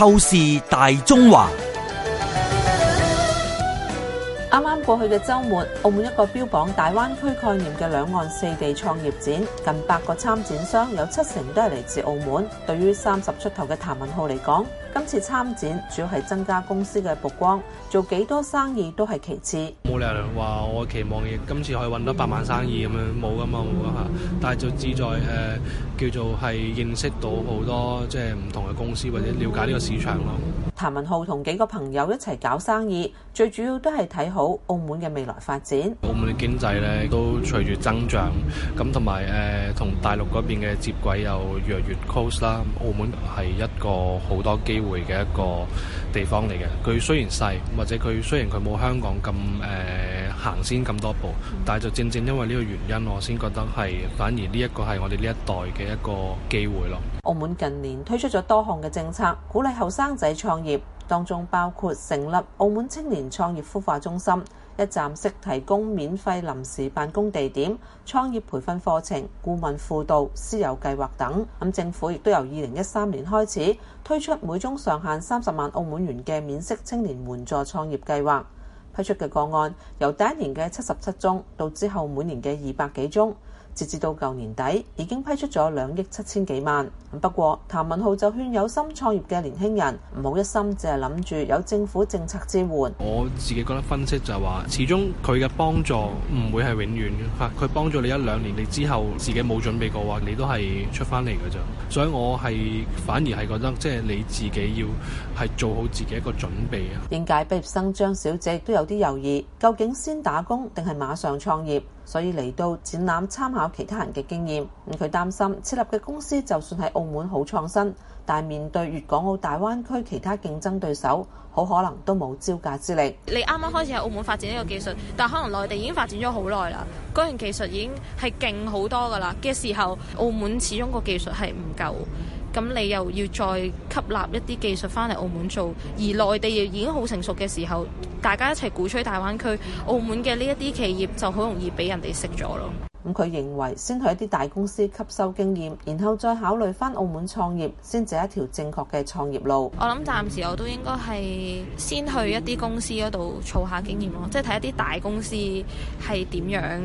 透視大中華。啱啱過去嘅周末，澳門一個標榜大灣區概念嘅兩岸四地創業展，近百個參展商，有七成都係嚟自澳門。對於三十出頭嘅譚文浩嚟講，今次參展主要係增加公司嘅曝光，做幾多生意都係其次。冇理由話我期望亦今次可以搵到百萬生意咁樣，冇噶嘛，冇啊吓。但係就志在誒、呃，叫做係認識到好多即係唔同嘅公司或者了解呢個市場咯。譚文浩同幾個朋友一齊搞生意，最主要都係睇好。澳門嘅未來發展，澳門嘅經濟咧都隨住增長，咁同埋誒同大陸嗰邊嘅接軌又越嚟越 close 啦。澳門係一個好多機會嘅一個地方嚟嘅，佢雖然細，或者佢雖然佢冇香港咁誒、呃、行先咁多步，但係就正正因為呢個原因，我先覺得係反而呢一個係我哋呢一代嘅一個機會咯。澳門近年推出咗多項嘅政策，鼓勵後生仔創業。當中包括成立澳門青年創業孵化中心，一站式提供免費臨時辦公地點、創業培訓課程、顧問輔導、私有計劃等。咁政府亦都由二零一三年開始推出每宗上限三十萬澳門元嘅免息青年援助創業計劃，批出嘅個案由第一年嘅七十七宗到之後每年嘅二百幾宗。截至到舊年底，已經批出咗兩億七千幾萬。不過，譚文浩就勸有心創業嘅年輕人唔好一心淨係諗住有政府政策支援。我自己覺得分析就係話，始終佢嘅幫助唔會係永遠嘅。佢幫咗你一兩年，你之後自己冇準備過話，你都係出翻嚟嘅咋，所以，我係反而係覺得，即係你自己要係做好自己一個準備啊。應屆畢業生張小姐都有啲猶豫，究竟先打工定係馬上創業？所以嚟到展覽參考其他人嘅經驗，佢擔心設立嘅公司就算喺澳門好創新，但面對粵港澳大灣區其他競爭對手，好可能都冇招架之力。你啱啱開始喺澳門發展呢個技術，但可能內地已經發展咗好耐啦，嗰樣技術已經係勁好多㗎啦嘅時候，澳門始終個技術係唔夠。咁你又要再吸納一啲技術翻嚟澳門做，而內地又已經好成熟嘅時候，大家一齊鼓吹大灣區，澳門嘅呢一啲企業就好容易俾人哋食咗咯。咁佢認為先去一啲大公司吸收經驗，然後再考慮翻澳門創業，先至一條正確嘅創業路。我諗暫時我都應該係先去一啲公司嗰度儲下經驗咯，即係睇一啲大公司係點樣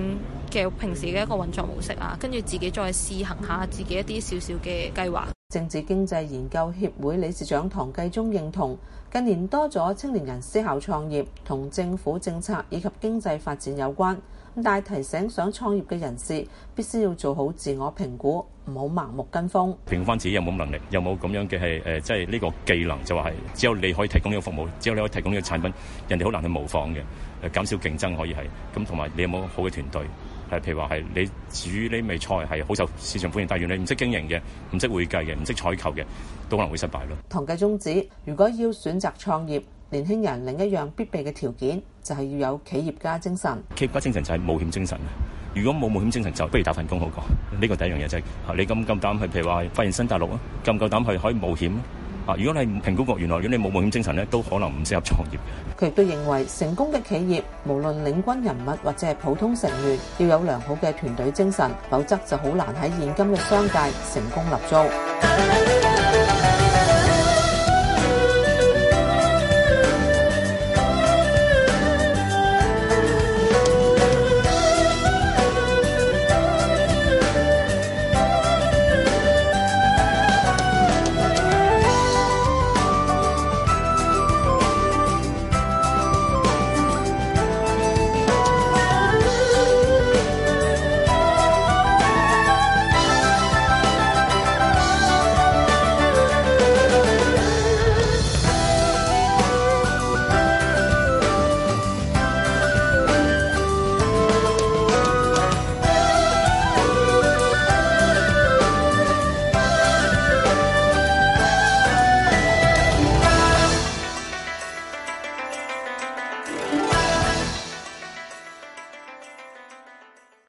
嘅平時嘅一個運作模式啊，跟住自己再試行下自己一啲小小嘅計劃。政治經濟研究協會理事長唐繼宗認同，近年多咗青年人思考創業，同政府政策以及經濟發展有關。但係提醒想創業嘅人士，必須要做好自我評估，唔好盲目跟風。評翻自己有冇能力，有冇咁樣嘅係誒，即係呢個技能就話係只有你可以提供呢個服務，只有你可以提供呢個產品，人哋好難去模仿嘅，誒、呃、減少競爭可以係咁，同埋你有冇好嘅團隊。譬如話係你煮呢味菜係好受市場歡迎，但係如果你唔識經營嘅、唔識會計嘅、唔識採購嘅，都可能會失敗咯。唐繼宗指，如果要選擇創業，年輕人另一樣必備嘅條件就係要有企業家精神。企業家精神就係冒險精神啊！如果冇冒險精神，就不如打份工好過。呢個第一樣嘢就係，你咁咁膽去，譬如話發現新大陸啊，咁夠膽去可以冒險。啊！如果你係評估過原來，如果你冇冒險精神咧，都可能唔適合創業。佢亦都認為，成功嘅企業無論領軍人物或者係普通成員，要有良好嘅團隊精神，否則就好難喺現今嘅商界成功立足。